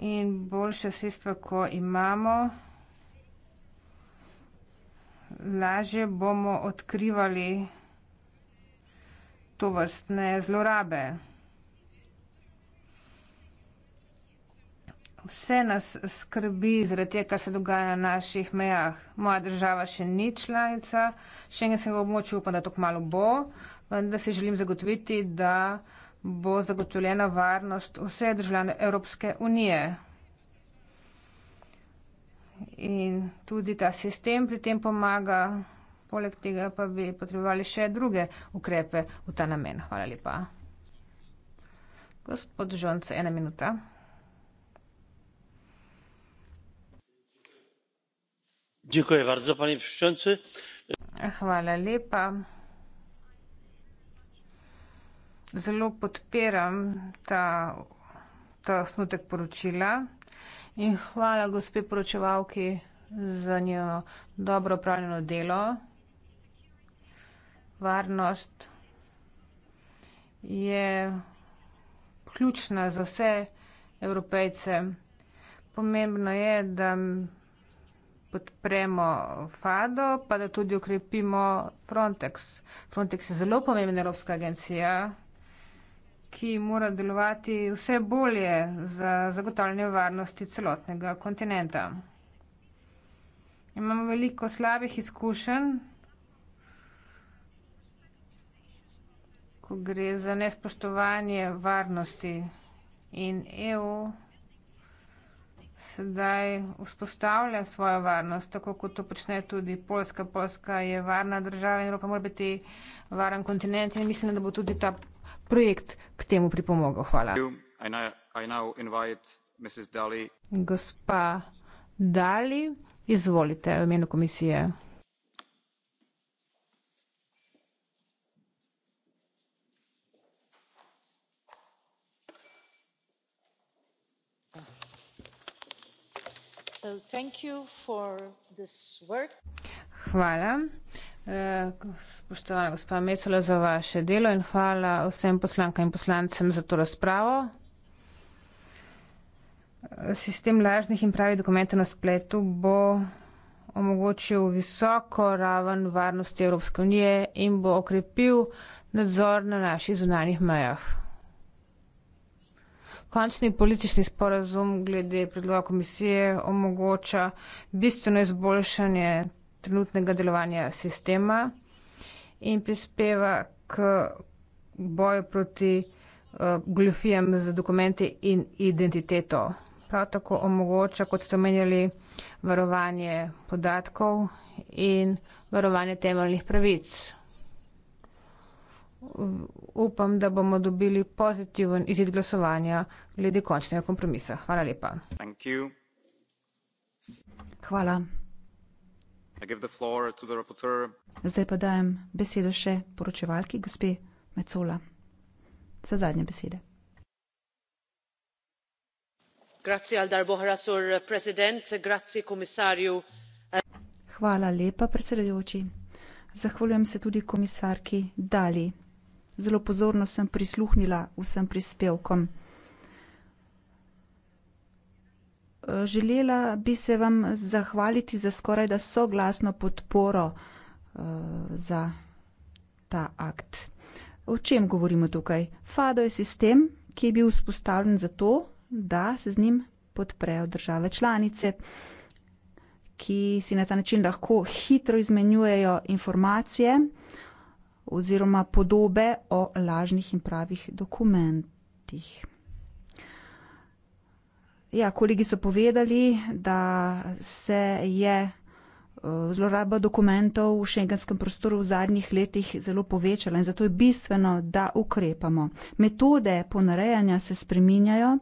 in boljša sredstva, ko imamo, lažje bomo odkrivali to vrstne zlorabe. Vse nas skrbi zaradi tega, kar se dogaja na naših mejah. Moja država še ni članica šengenskega območja, upam, da to kmalo bo, vendar si želim zagotoviti, da bo zagotovljena varnost vse državljane Evropske unije. In tudi ta sistem pri tem pomaga, poleg tega pa bi potrebovali še druge ukrepe v ta namen. Hvala lepa. Gospod Žonc, ena minuta. Hvala lepa zelo podpiram ta, ta osnutek poročila in hvala gospe poročevalki za njeno dobro upravljeno delo, varnost je ključna za vse evropejce. Pomembno je, da podpremo FADO, pa da tudi okrepimo Frontex. Frontex je zelo pomembna evropska agencija ki mora delovati vse bolje za zagotavljanje varnosti celotnega kontinenta. Imamo veliko slabih izkušenj, ko gre za nespoštovanje varnosti in EU sedaj vzpostavlja svojo varnost, tako kot to počne tudi Poljska. Poljska je varna država in Evropa mora biti varen kontinent in mislim, da bo tudi ta projekt k temu pripomogel. Hvala. Gospa Dali, izvolite v imenu komisije. Hvala, eh, spoštovana gospa Mecola za vaše delo in hvala vsem poslankam in poslancem za to razpravo. Sistem lažnih in pravih dokumentov na spletu bo omogočil visoko raven varnosti Evropske unije in bo okrepil nadzor na naših zunanjih mejah. Končni politični sporazum glede predloga komisije omogoča bistveno izboljšanje trenutnega delovanja sistema in prispeva k boju proti uh, eh, glufijam z dokumenti in identiteto. Prav tako omogoča, kot ste omenjali, varovanje podatkov in varovanje temeljnih pravic upam, da bomo dobili pozitiven izid glasovanja glede končnega kompromisa. Hvala lepa. Hvala. Zdaj pa dajem besedo še poročevalki, gospe Mecola, za zadnje besede. Hvala lepa, predsedujoči. Zahvaljujem se tudi komisarki Dalli zelo pozorno sem prisluhnila vsem prispevkom. Želela bi se vam zahvaliti za skorajda soglasno podporo eh, za ta akt. O čem govorimo tukaj? Fado je sistem, ki je bil vzpostavljen zato, da se z njim podprejo države članice, ki si na ta način lahko hitro izmenjujejo informacije, oziroma podobe o lažnih in pravih dokumentih. Ja, kolegi so povedali, da se je eh, zloraba dokumentov v šengenskem prostoru v zadnjih letih zelo povečala in zato je bistveno, da ukrepamo. Metode ponarejanja se spreminjajo,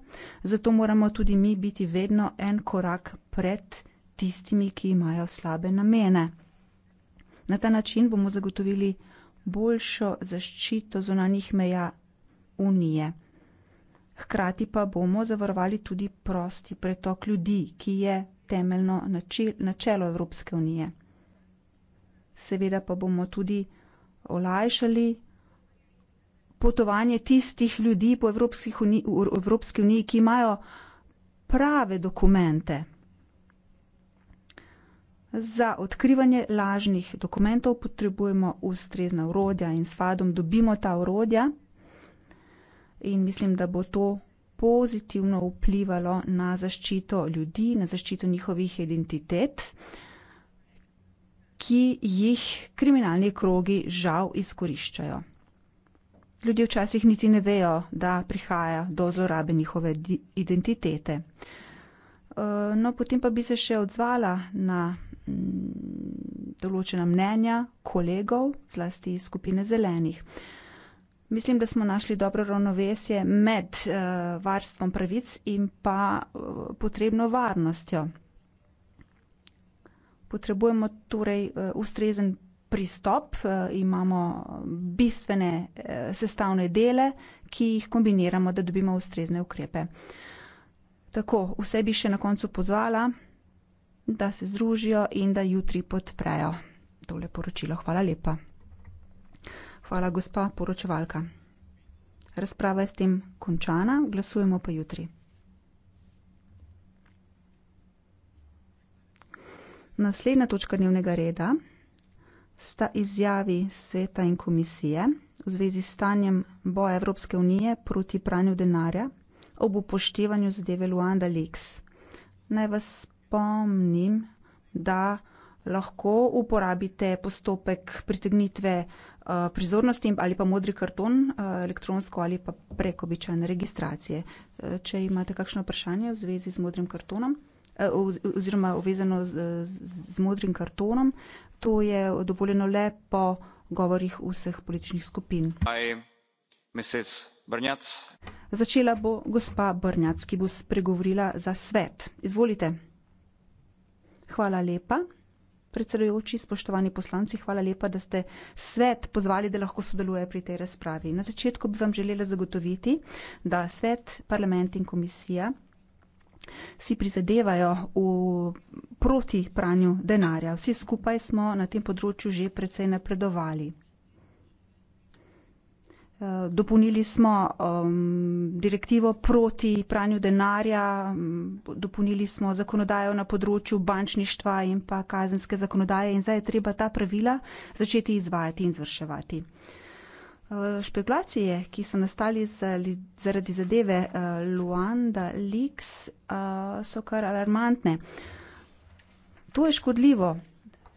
zato moramo tudi mi biti vedno en korak pred tistimi, ki imajo slabe namene. Na ta način bomo zagotovili boljšo zaščito zunanjih meja Unije. Hkrati pa bomo zavarovali tudi prosti pretok ljudi, ki je temeljno načelo Evropske unije. Seveda pa bomo tudi olajšali potovanje tistih ljudi po Evropski uniji, Evropski uniji ki imajo prave dokumente. Za odkrivanje lažnih dokumentov potrebujemo ustrezna urodja in s fadom dobimo ta urodja. In mislim, da bo to pozitivno vplivalo na zaščito ljudi, na zaščito njihovih identitet, ki jih kriminalni krogi žal izkoriščajo. Ljudje včasih niti ne vejo, da prihaja do zlorabe njihove identitete. Uh, no, potem pa bi se še odzvala na Mm, določena mnenja kolegov, zlasti iz skupine zelenih. Mislim, da smo našli dobro ravnovesje med uh, varstvom pravic in pa uh, potrebno varnostjo. Potrebujemo torej uh, ustrezen pristop, uh, imamo bistvene uh, sestavne dele, ki jih kombiniramo, da dobimo ustrezne ukrepe. Tako, vse bi še na koncu pozvala da se združijo in da jutri podprejo tole poročilo. Hvala lepa. Hvala, gospa poročevalka. Razprava je s tem končana, glasujemo pa jutri. Naslednja točka dnevnega reda sta izjavi sveta in komisije v zvezi s stanjem boja Evropske unije proti pranju denarja ob upoštevanju zadeve Luanda Leaks. Naj vas pripomnim, da lahko uporabite postopek pritegnitve eh, prizornosti ali pa modri karton eh, elektronsko ali pa preko običajne registracije. Eh, če imate kakšno vprašanje v zvezi z modrim kartonom, oziroma vezano z, z modrim kartonom, to je dovoljeno le po govorih vseh političnih skupin. Začela bo gospa Brnjac, ki bo spregovorila za svet. Izvolite. Hvala lepa. Predsedujoči, spoštovani poslanci, hvala lepa, da ste svet pozvali, da lahko sodeluje pri tej razpravi. Na začetku bi vam želela zagotoviti, da svet, parlament in komisija si prizadevajo v proti pranju denarja. Vsi skupaj smo na tem področju že precej napredovali. Eh, dopolnili smo um, direktivo proti pranju denarja, mm, dopolnili smo zakonodajo na področju bančništva in pa kazenske zakonodaje in zdaj je treba ta pravila začeti izvajati in zvrševati. Eh, špekulacije, ki so nastali zaradi zadeve eh, Luanda Leaks, so kar alarmantne. To je škodljivo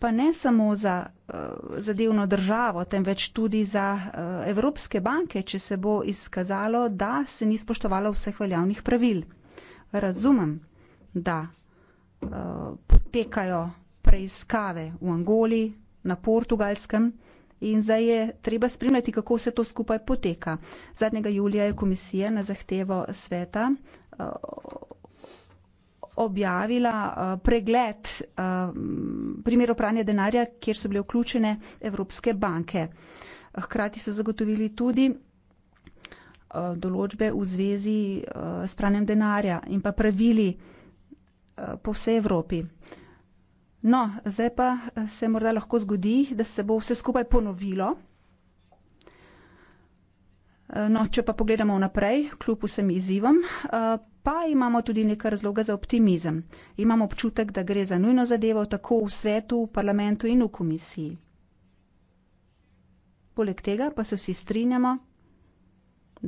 pa ne samo za eh, zadevno državo, temveč tudi za eh, evropske banke, če se bo izkazalo, da se ni spoštovalo vseh veljavnih pravil. Razumem, da eh, potekajo preiskave v Angoli, na Portugalskem in zdaj je treba spremljati, kako vse to skupaj poteka. Zadnjega julija je komisija na zahtevo sveta objavila eh, pregled eh, primerov pranja denarja, kjer so bile vključene evropske banke. Hkrati so zagotovili tudi eh, določbe v zvezi s pranjem denarja in pa pravili po vsej Evropi. No, zdaj pa se morda lahko zgodi, da se bo vse skupaj ponovilo. No, če pa pogledamo naprej, kljub vsem izzivom, pa imamo tudi nekaj razloga za optimizem. Imamo občutek, da gre za nujno zadevo tako v svetu, v parlamentu in v komisiji. Poleg tega pa se vsi strinjamo,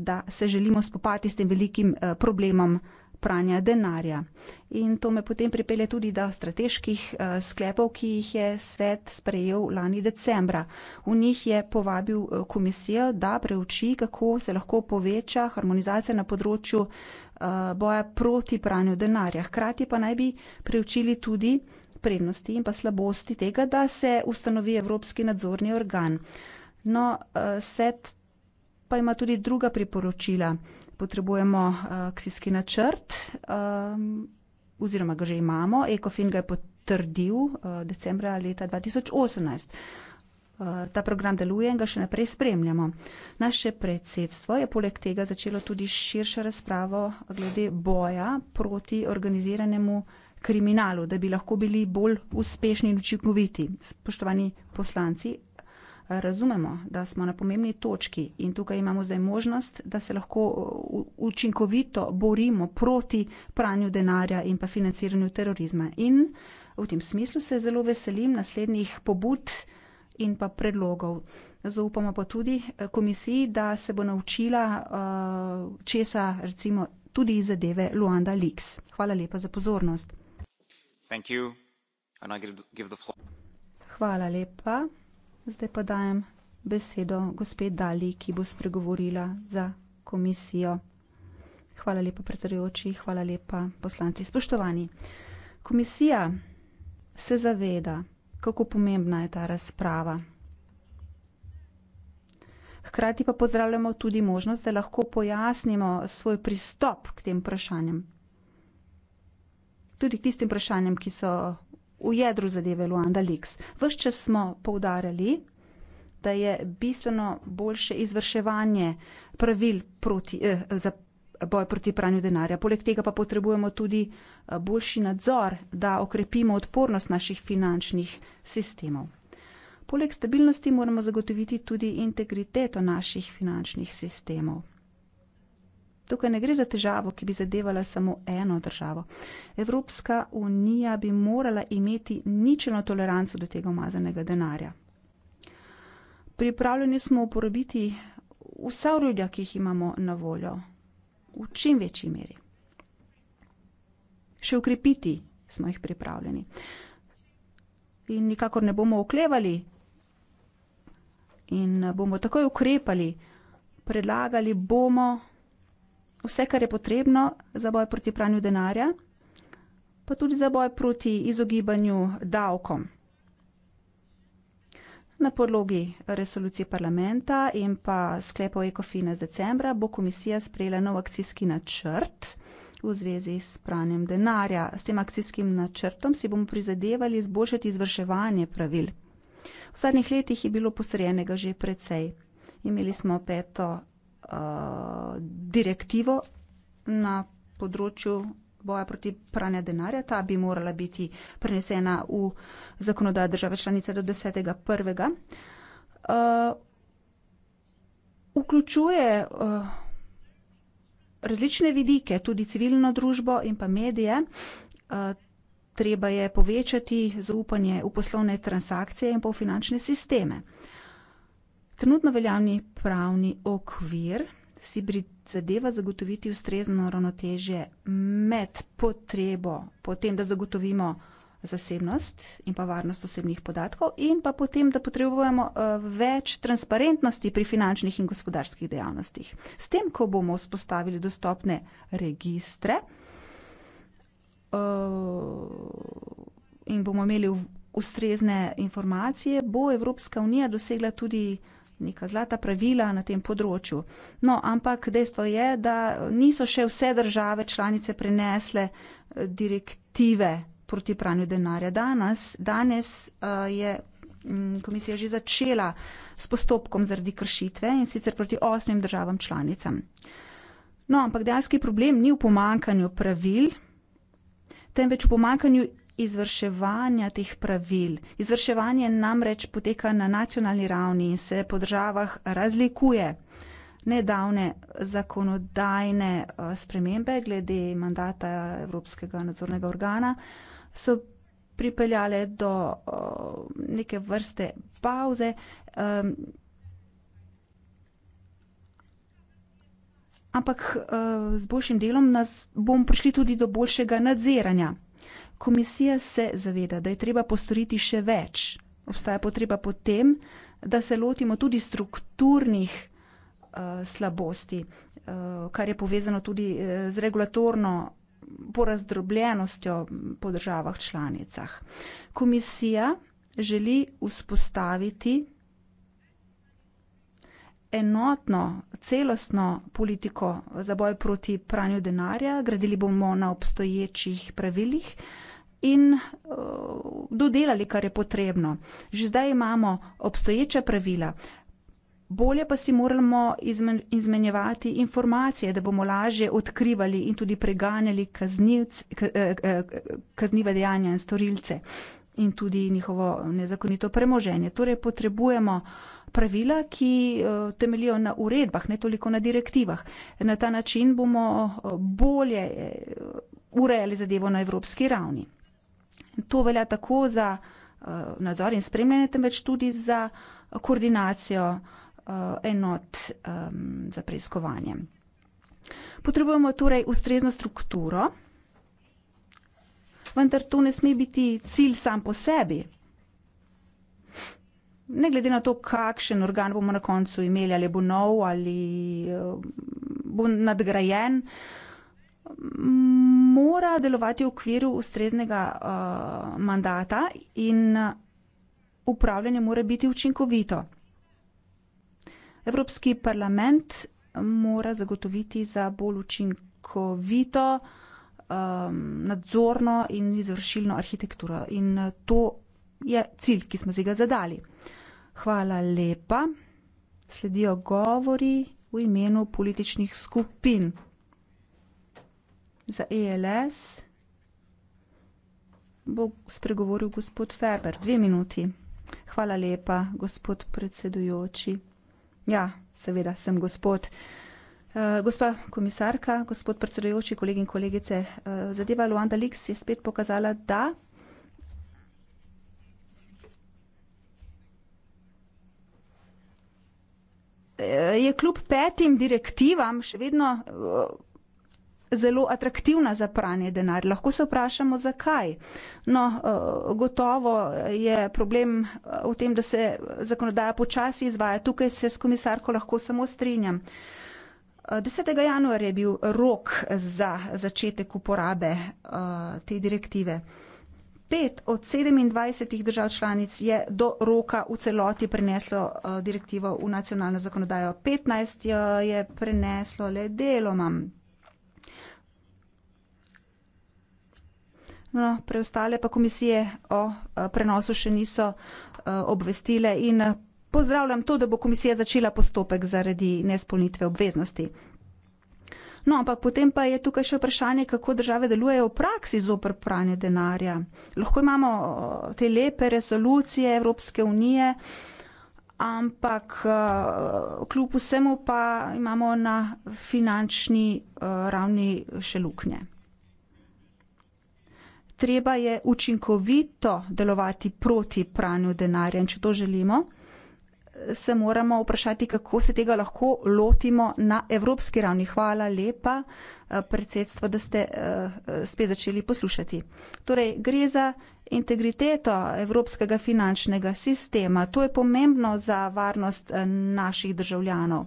da se želimo spopati s tem velikim eh, problemom pranja denarja. In to me potem pripelje tudi do strateških eh, sklepov, ki jih je svet sprejel lani decembra. V njih je povabil eh, komisijo, da preuči, kako se lahko poveča harmonizacija na področju eh, boja proti pranju denarja. Hkrati pa naj bi preučili tudi prednosti in pa slabosti tega, da se ustanovi Evropski nadzorni organ. No, svet pa ima tudi druga priporočila. Potrebujemo uh, eh, ksijski načrt, um, oziroma ga že imamo. Ekofin ga je potrdil uh, decembra leta 2018. Eh, ta program deluje in ga še naprej spremljamo. Naše predsedstvo je poleg tega začelo tudi širšo razpravo glede boja proti organiziranemu kriminalu, da bi lahko bili bolj uspešni in učinkoviti. Spoštovani poslanci, razumemo, da smo na pomembni točki in tukaj imamo zdaj možnost, da se lahko uh, učinkovito borimo proti pranju denarja in pa financiranju terorizma. In v tem smislu se zelo veselim naslednjih pobud in pa predlogov. Zaupamo pa tudi eh, komisiji, da se bo naučila eh, česa recimo tudi iz zadeve Luanda Lix. Hvala lepa za pozornost. Hvala lepa. Zdaj pa dajem besedo gospod Dali, ki bo spregovorila za komisijo. Hvala lepa, predsedujoči, hvala lepa, poslanci. Spoštovani, komisija se zaveda, kako pomembna je ta razprava. Hkrati pa pozdravljamo tudi možnost, da lahko pojasnimo svoj pristop k tem vprašanjem. Tudi k tistim vprašanjem, ki so v jedru zadeve Luanda Leaks. Vse čas smo poudarjali, da je bistveno boljše izvrševanje pravil proti, eh, za boj proti pranju denarja. Poleg tega pa potrebujemo tudi eh, boljši nadzor, da okrepimo odpornost naših finančnih sistemov. Poleg stabilnosti moramo zagotoviti tudi integriteto naših finančnih sistemov. Tukaj ne gre za težavo, ki bi zadevala samo eno državo. Evropska unija bi morala imeti ničelno toleranco do tega umazanega denarja. Pripravljeni smo uporabiti vsa urodja, ki jih imamo na voljo, v čim večji meri. Še ukrepiti smo jih pripravljeni. In nikakor ne bomo oklevali in bomo takoj ukrepali, predlagali bomo vse, kar je potrebno za boj proti pranju denarja, pa tudi za boj proti izogibanju davkom. Na podlogi resolucije parlamenta in pa sklepov ECOFIN iz decembra bo komisija sprejela nov akcijski načrt v zvezi s pranjem denarja. S tem akcijskim načrtom si bomo prizadevali izboljšati izvrševanje pravil. V zadnjih letih je bilo postorjenega že precej. Imeli smo peto Eh, direktivo na področju boja proti pranja denarja. Ta bi morala biti prenesena v zakonodajo države članice do 10. 1. Uh, vključuje uh, različne vidike, tudi civilno družbo in pa medije. Uh, treba je povečati zaupanje v poslovne transakcije in pa v finančne sisteme. Uh, Trenutno veljavni pravni okvir si prizadeva zagotoviti ustrezno ravnotežje med potrebo po tem, da zagotovimo zasebnost in pa varnost osebnih podatkov in pa potem, da potrebujemo eh, več transparentnosti pri finančnih in gospodarskih dejavnostih. S tem, ko bomo vzpostavili dostopne registre eh, in bomo imeli ustrezne informacije, bo Evropska unija dosegla tudi neka zlata pravila na tem področju. No, ampak dejstvo je, da niso še vse države članice prenesle eh, direktive proti pranju denarja. Danes, danes eh, je mm, komisija že začela s postopkom zaradi kršitve in sicer proti osmim državam članicam. No, ampak dejanski problem ni v pomankanju pravil, temveč v pomankanju izvrševanja teh pravil. Izvrševanje namreč poteka na nacionalni ravni in se po državah razlikuje. Nedavne zakonodajne eh, spremembe glede mandata Evropskega nadzornega organa so pripeljale do eh, neke vrste pauze. Ehm, ampak eh, z boljšim delom nas bomo prišli tudi do boljšega nadziranja. Komisija se zaveda, da je treba postoriti še več. Obstaja potreba potem, da se lotimo tudi strukturnih uh, slabosti, uh, kar je povezano tudi eh, z regulatorno porazdrobljenostjo po državah članicah. Komisija želi vzpostaviti enotno, celostno politiko za boj proti pranju denarja. Gradili bomo na obstoječih pravilih. Uh, in uh, dodelali, kar je potrebno. Že zdaj imamo obstoječa pravila. Bolje pa si moramo izmen, izmenjevati informacije, da bomo lažje odkrivali in tudi preganjali kaznivc, k, k, k, kazniva dejanja in storilce in tudi njihovo nezakonito premoženje. Torej potrebujemo pravila, ki uh, eh, temelijo na uredbah, ne toliko na direktivah. Na ta način bomo eh, bolje urejali zadevo na evropski ravni. To velja tako za uh, nadzor in spremljanje, temveč tudi za koordinacijo uh, enot um, za preiskovanje. Potrebujemo torej ustrezno strukturo, vendar to ne sme biti cilj sam po sebi. Ne glede na to, kakšen organ bomo na koncu imeli, ali bo nov ali eh, bo nadgrajen, mora delovati v okviru ustreznega uh, mandata in upravljanje mora biti učinkovito. Evropski parlament mora zagotoviti za bolj učinkovito um, nadzorno in izvršilno arhitekturo. In to je cilj, ki smo si ga zadali. Hvala lepa. Sledijo govori v imenu političnih skupin za ELS bo spregovoril gospod Ferber. Dve minuti. Hvala lepa, gospod predsedujoči. Ja, seveda sem gospod. Eh, gospa komisarka, gospod predsedujoči, kolegi in kolegice, eh, zadeva Luanda Lix je spet pokazala, da. Je kljub petim direktivam še vedno eh, zelo atraktivna za pranje denarja. Lahko se vprašamo, zakaj. No, eh, gotovo je problem eh, v tem, da se zakonodaja počasi izvaja. Tukaj se s komisarko lahko samo strinjam. 10. Eh, januarja je bil rok za začetek uporabe te direktive. Pet od 27 držav članic je do roka v celoti preneslo direktivo v nacionalno zakonodajo. 15 je preneslo le deloma. No, preostale pa komisije o eh, prenosu še niso eh, obvestile in eh, pozdravljam to, da bo komisija začela postopek zaradi nespolnitve obveznosti. No, ampak potem pa je tukaj še vprašanje, kako države delujejo v praksi z opr pranje denarja. Lahko imamo te lepe resolucije Evropske unije, ampak kljub vsemu pa imamo na finančni ravni še luknje treba je učinkovito delovati proti pranju denarja in če to želimo, se moramo vprašati, kako se tega lahko lotimo na evropski ravni. Hvala lepa, eh, predsedstvo, da ste eh, spet začeli poslušati. Torej, gre za integriteto evropskega finančnega sistema. To je pomembno za varnost eh, naših državljanov.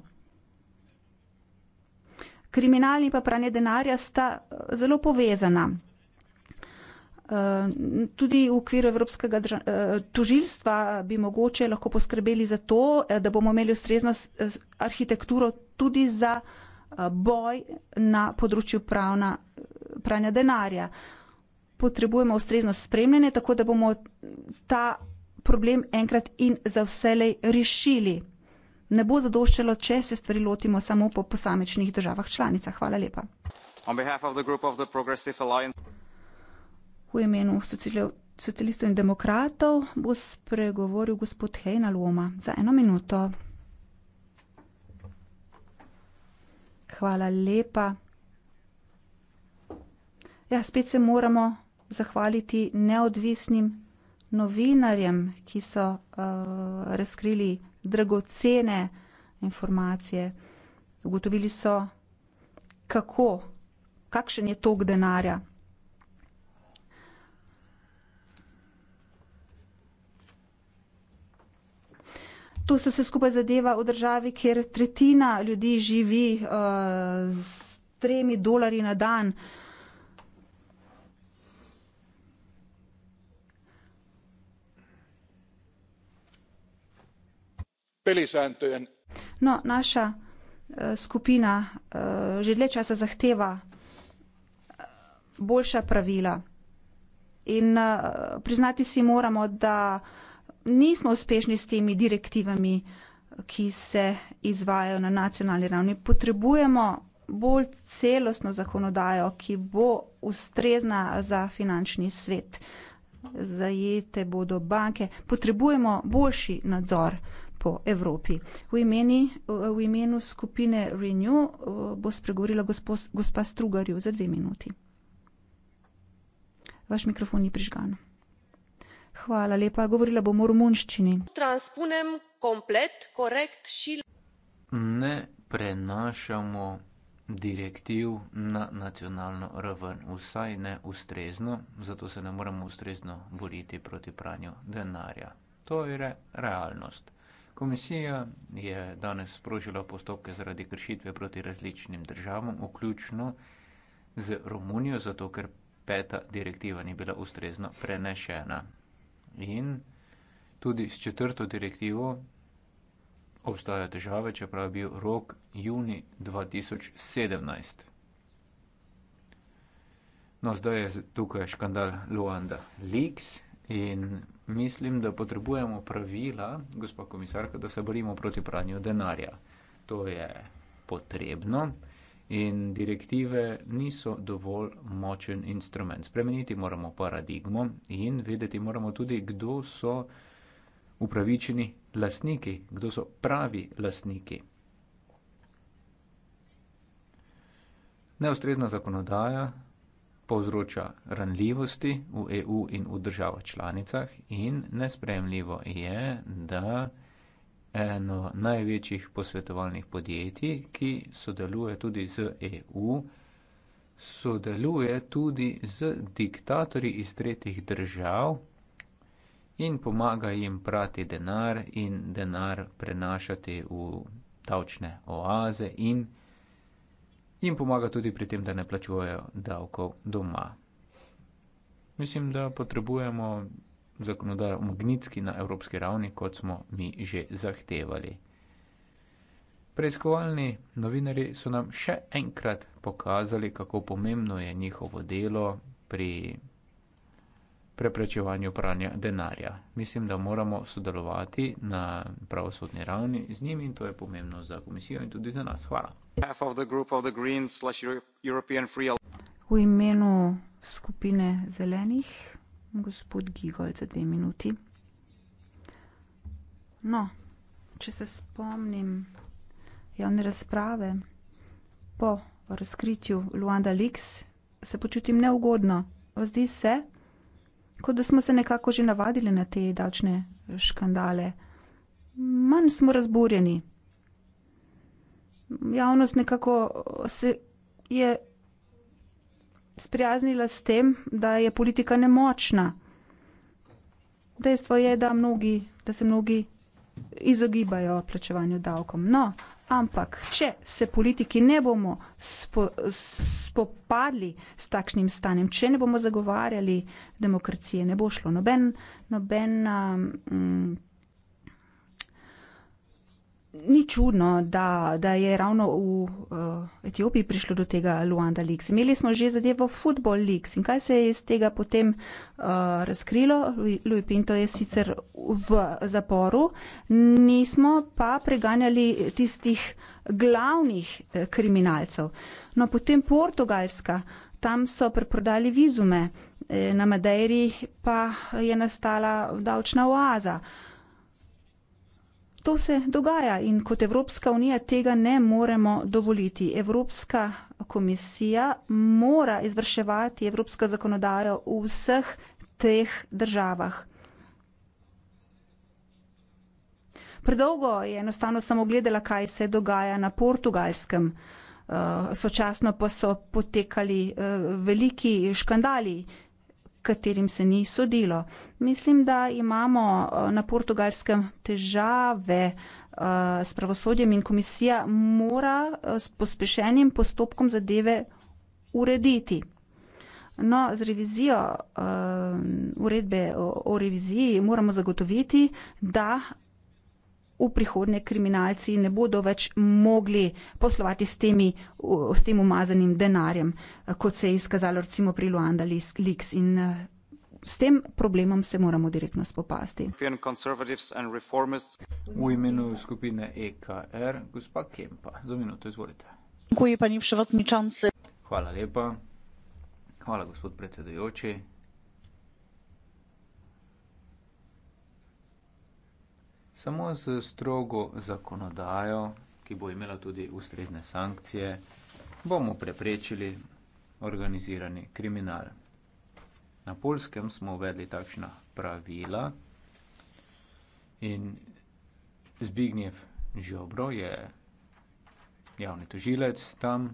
Kriminalni pa pranje denarja sta zelo povezana. Eh, tudi v okviru Evropskega eh, tožilstva bi mogoče lahko poskrbeli za to, eh, da bomo imeli ustrezno arhitekturo tudi za boj na področju pravna, pranja denarja. Potrebujemo ustrezno spremljanje, tako da bomo ta problem enkrat in za vselej rešili. Ne bo zadoščalo, če se stvari lotimo samo po posamečnih državah članicah. Hvala lepa. On behalf of the group of the Progressive Alliance. V imenu socialistov in demokratov bo spregovoril gospod Hejna Loma za eno minuto. Hvala lepa. Ja, spet se moramo zahvaliti neodvisnim novinarjem, ki so uh, razkrili dragocene informacije. Ugotovili so, kako, kakšen je tok denarja. To se vse skupaj zadeva v državi, kjer tretjina ljudi živi uh, s tremi dolari na dan. No, naša uh, skupina uh, že dlje časa zahteva uh, boljša pravila. In uh, priznati si moramo, da uh, nismo uspešni s temi direktivami, ki se izvajajo na nacionalni ravni. Potrebujemo bolj celostno zakonodajo, ki bo ustrezna za finančni svet. Zajete bodo banke. Potrebujemo boljši nadzor po Evropi. V, imeni, v imenu skupine Renew eh, bo spregovorila gospod, gospa Strugarju za dve minuti. Vaš mikrofon je prižgan. Hvala lepa. Govorila bom v romunščini. Ne prenašamo direktiv na nacionalno raven, vsaj ne ustrezno, zato se ne moremo ustrezno boriti proti pranju denarja. To je re, realnost. Komisija je danes sprožila postopke zaradi kršitve proti različnim državam, vključno z Romunijo, zato ker peta direktiva ni bila ustrezno prenešena in tudi s četrto direktivo obstajajo težave, čeprav je bil rok juni 2017. No, zdaj je tukaj škandal Luanda Leaks in mislim, da potrebujemo pravila, gospod komisarka, da se borimo proti pranju denarja. To je potrebno. In direktive niso dovolj močen instrument. Spremeniti moramo paradigmo in vedeti moramo tudi, kdo so upravičeni lasniki, kdo so pravi lasniki. Neustrezna zakonodaja povzroča ranljivosti v EU in v državah članicah in nespremljivo je, da eno največjih posvetovalnih podjetij, ki sodeluje tudi z EU, sodeluje tudi z diktatorji iz tretjih držav in pomaga jim prati denar in denar prenašati v davčne oaze in jim pomaga tudi pri tem, da ne plačujejo davkov doma. Mislim, da potrebujemo zakonodajo magnitski na evropski ravni, kot smo mi že zahtevali. Preiskovalni novinari so nam še enkrat pokazali, kako pomembno je njihovo delo pri preprečevanju pranja denarja. Mislim, da moramo sodelovati na pravosodni ravni z njimi in to je pomembno za komisijo in tudi za nas. Hvala. V imenu skupine zelenih gospod Gigol za dve minuti. No, če se spomnim javne razprave po razkritju Luanda Lix, se počutim neugodno. Zdi se, kot da smo se nekako že navadili na te dačne škandale. Manj smo razburjeni. Javnost nekako se je sprijaznila s tem, da je politika nemočna. Dejstvo je, da, mnogi, da se mnogi izogibajo plačevanju davkom. No, ampak, če se politiki ne bomo spo, spopadli s takšnim stanjem, če ne bomo zagovarjali demokracije, ne bo šlo noben, noben um, ni čudno, da, da je ravno v uh, Etiopiji prišlo do tega Luanda Leaks. Imeli smo že zadevo Football Leaks in kaj se je iz tega potem uh, razkrilo? Louis Pinto je sicer v zaporu, nismo pa preganjali tistih glavnih eh, kriminalcev. No, potem Portugalska, tam so preprodali vizume, eh, na Madeiri pa je nastala davčna oaza. Eh, To se dogaja in kot Evropska unija tega ne moremo dovoliti. Evropska komisija mora izvrševati evropsko zakonodajo v vseh teh državah. Predolgo je enostavno samo gledala, kaj se dogaja na portugalskem. Eh, sočasno pa so potekali eh, veliki škandali, katerim se ni sodilo. Mislim, da imamo eh, na portugalskem težave eh, s pravosodjem in komisija mora eh, s pospešenim postopkom zadeve urediti. No, z revizijo, uredbe o reviziji moramo zagotoviti, da v prihodnje kriminalci ne bodo več mogli poslovati s temi, s tem umazanim denarjem, kot se je izkazalo recimo pri Luanda Leaks in eh, S tem problemom se moramo direktno spopasti. V imenu skupine EKR, gospa Kempa, za minuto izvolite. Hvala lepa. Hvala, gospod predsedujoči. Samo z strogo zakonodajo, ki bo imela tudi ustrezne sankcije, bomo preprečili organizirani kriminal. Na polskem smo uvedli takšna pravila in Zbignjev Žobro je javni tožilec tam.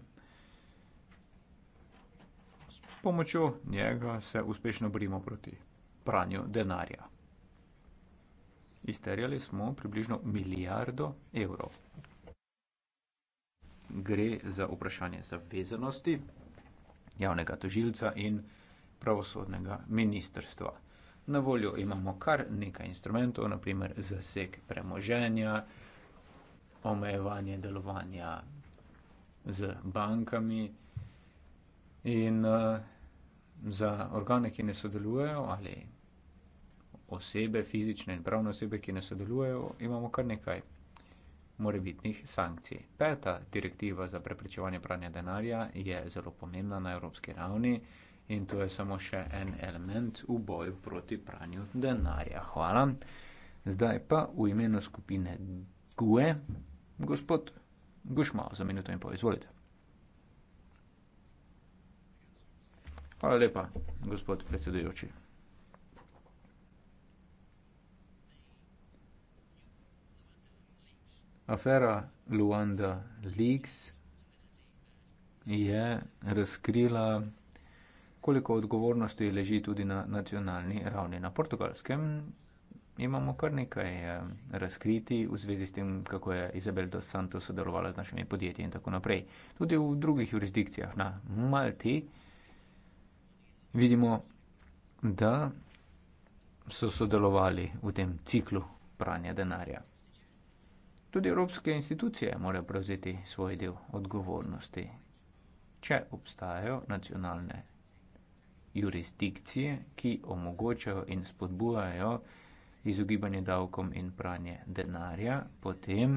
S pomočjo njega se uspešno borimo proti pranju denarja. Izterjali smo približno milijardo evrov. Gre za vprašanje zavezanosti javnega tožilca in pravosodnega ministrstva. Na voljo imamo kar nekaj instrumentov, naprimer zaseg premoženja, omejevanje delovanja z bankami in uh, za organe, ki ne sodelujejo ali osebe, fizične in pravne osebe, ki ne sodelujejo, imamo kar nekaj morebitnih sankcij. Peta direktiva za preprečevanje pranja denarja je zelo pomembna na evropski ravni in to je samo še en element v boju proti pranju denarja. Hvala. Zdaj pa v imenu skupine GUE, gospod Gušmal, za minuto in pol, izvolite. Hvala lepa, gospod predsedujoči. Afera Luanda Leaks je razkrila, koliko odgovornosti leži tudi na nacionalni ravni. Na portugalskem imamo kar nekaj eh, razkriti v zvezi s tem, kako je Izabel dos Santos sodelovala z našimi podjetji in tako naprej. Tudi v drugih jurisdikcijah na Malti vidimo, da so sodelovali v tem ciklu pranja denarja. Tudi evropske institucije morajo prevzeti svoj del odgovornosti. Če obstajajo nacionalne jurisdikcije, ki omogočajo in spodbujajo izogibanje davkom in pranje denarja, potem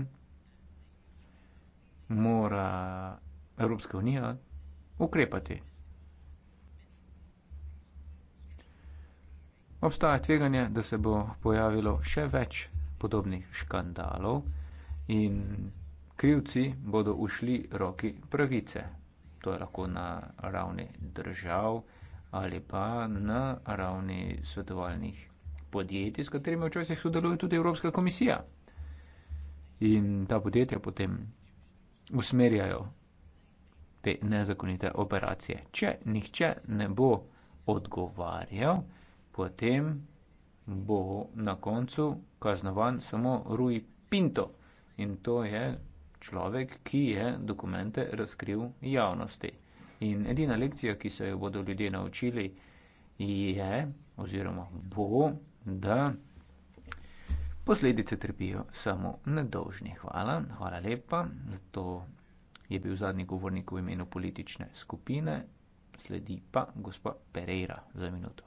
mora Evropska unija ukrepati. Obstaja tveganje, da se bo pojavilo še več podobnih škandalov in krivci bodo ušli roki pravice. To je lahko na ravni držav ali pa na ravni svetovalnih podjetij, s katerimi včasih sodeluje tudi Evropska komisija. In ta podjetja potem usmerjajo te nezakonite operacije. Če nihče ne bo odgovarjal, potem bo na koncu kaznovan samo Rui Pinto in to je človek, ki je dokumente razkril javnosti. In edina lekcija, ki se jo bodo ljudje naučili, je oziroma bo, da posledice trpijo samo nedolžni. Hvala, hvala lepa. To je bil zadnji govornik v imenu politične skupine. Sledi pa gospod Pereira za minuto.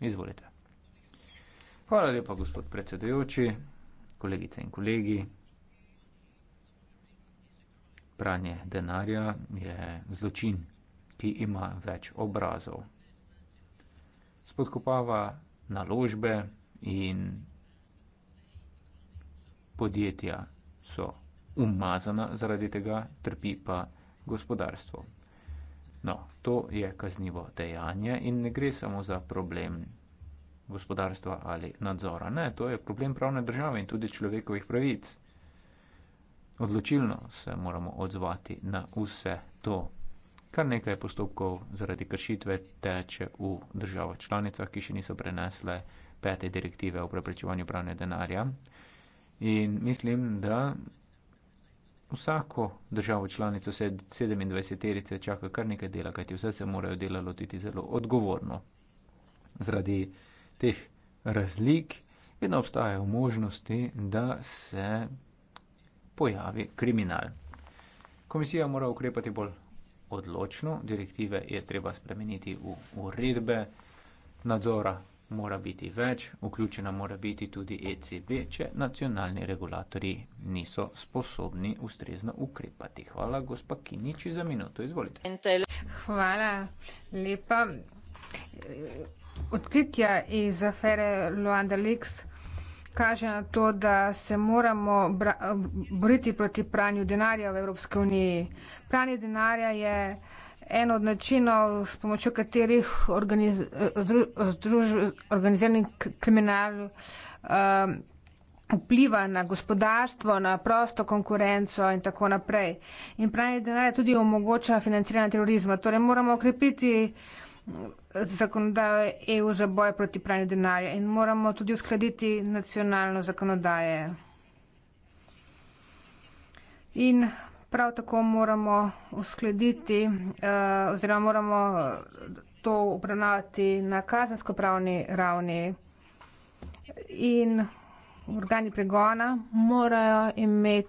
Izvolite. Hvala lepa, gospod predsedujoči, kolegice in kolegi. Pranje denarja je zločin, ki ima več obrazov. Spodkopava naložbe in podjetja so umazana zaradi tega, trpi pa gospodarstvo. No, to je kaznivo dejanje in ne gre samo za problem gospodarstva ali nadzora. Ne, to je problem pravne države in tudi človekovih pravic odločilno se moramo odzvati na vse to. Kar nekaj postopkov zaradi kršitve teče v državah članicah, ki še niso prenesle pete direktive o preprečevanju pravne denarja. In mislim, da vsako državo članico 27-erice čaka kar nekaj dela, kajti vse se morajo dela lotiti zelo odgovorno. Zradi teh razlik vedno obstajajo možnosti, da se pojavi kriminal. Komisija mora ukrepati bolj odločno, direktive je treba spremeniti v uredbe, nadzora mora biti več, vključena mora biti tudi ECB, če nacionalni regulatori niso sposobni ustrezno ukrepati. Hvala, gospa Kiniči, za minuto. Izvolite. Hvala lepa. Odkritja iz afere Luanda Leaks kaže na to, da se moramo boriti proti pranju denarja v Evropske uniji. Pranje denarja je en od načinov, s pomočjo katerih organizirani kriminal um, vpliva na gospodarstvo, na prosto konkurenco in tako naprej. In pranje denarja tudi omogoča financiranje terorizma. Torej moramo okrepiti zakonodajo EU za boj proti pranju denarja in moramo tudi uskladiti nacionalno zakonodaje. In prav tako moramo uskladiti uh, oziroma moramo to obravnavati na kazensko pravni ravni in organi pregona morajo imeti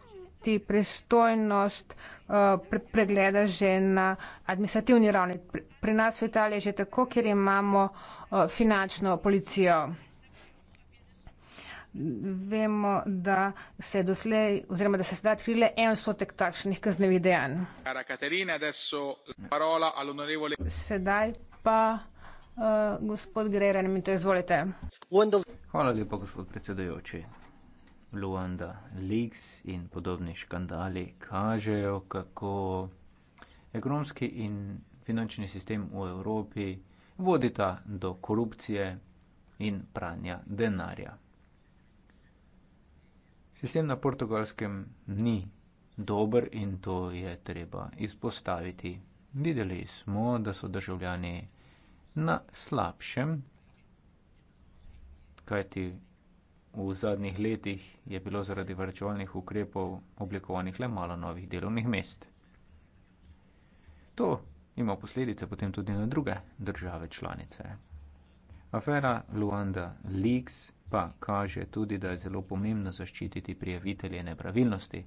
oblasti pristojnost eh, pregleda že na administrativni ravni. Pri nas v Italiji je že tako, ker imamo eh, finančno policijo. Vemo, da se je doslej, oziroma da se zdaj odkrile en odstotek takšnih kaznevih dejanj. Sedaj pa uh, gospod Grejer, mi to izvolite. Hvala lepa, gospod predsedujoči. Luanda Leaks in podobni škandali kažejo, kako ekonomski in finančni sistem v Evropi vodita do korupcije in pranja denarja. Sistem na portugalskem ni dober in to je treba izpostaviti. Videli smo, da so državljani na slabšem, kajti v zadnjih letih je bilo zaradi varčevalnih ukrepov oblikovanih le malo novih delovnih mest. To ima posledice potem tudi na druge države članice. Afera Luanda Leaks pa kaže tudi, da je zelo pomembno zaščititi prijavitelje nepravilnosti.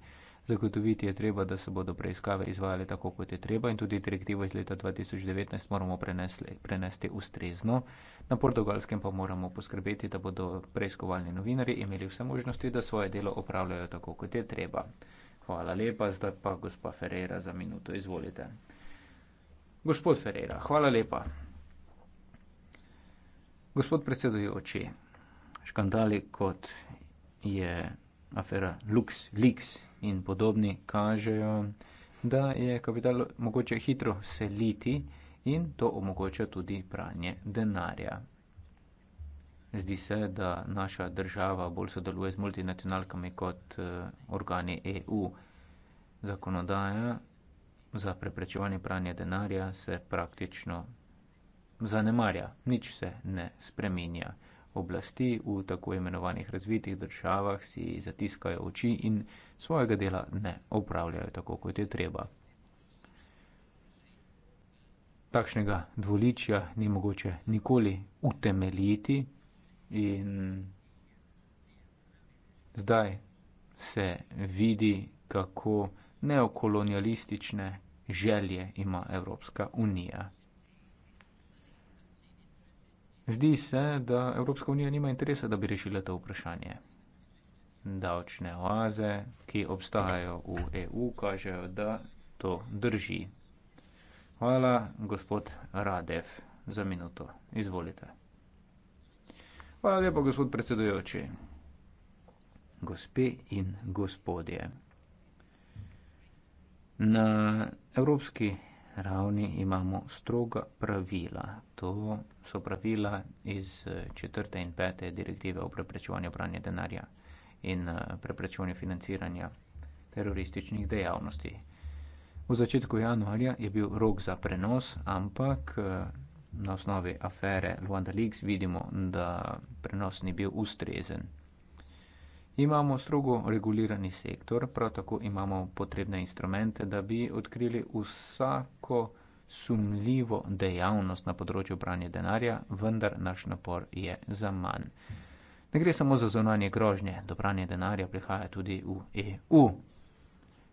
Zagotoviti je treba, da se bodo preiskave izvajale tako, kot je treba in tudi direktivo iz leta 2019 moramo prenesti ustrezno. Na portugalskem pa moramo poskrbeti, da bodo preiskovalni novinari imeli vse možnosti, da svoje delo opravljajo tako, kot je treba. Hvala lepa, zdaj pa gospa Ferreira za minuto. Izvolite. Gospod Ferreira, hvala lepa. Gospod predsedujoči, škandali kot je afera Lux, Leaks in podobni kažejo, da je kapital mogoče hitro seliti in to omogoča tudi pranje denarja. Zdi se, da naša država bolj sodeluje z multinacionalkami kot eh, organi EU. Zakonodaja za preprečevanje pranja denarja se praktično zanemarja, nič se ne spreminja oblasti v tako imenovanih razvitih državah si zatiskajo oči in svojega dela ne opravljajo tako, kot je treba. Takšnega dvoličja ni mogoče nikoli utemeljiti in zdaj se vidi, kako neokolonialistične želje ima Evropska unija. Zdi se, da Evropska unija nima interesa, da bi rešila to vprašanje. Davčne oaze, ki obstajajo v EU, kažejo, da to drži. Hvala, gospod Radev, za minuto. Izvolite. Hvala lepa, gospod predsedujoči. Gospe in gospodje. Na Evropski ravni imamo stroga pravila. To so pravila iz eh, četrte in pete direktive o preprečevanju pranja denarja in eh, preprečevanju financiranja terorističnih dejavnosti. V začetku januarja je bil rok za prenos, ampak eh, na osnovi afere Luanda Leaks vidimo, da prenos ni bil ustrezen. Imamo strogo regulirani sektor, prav tako imamo potrebne instrumente, da bi odkrili vsako sumljivo dejavnost na področju pranja denarja, vendar naš napor je za manj. Ne gre samo za zonanje grožnje, do pranja denarja prihaja tudi v EU.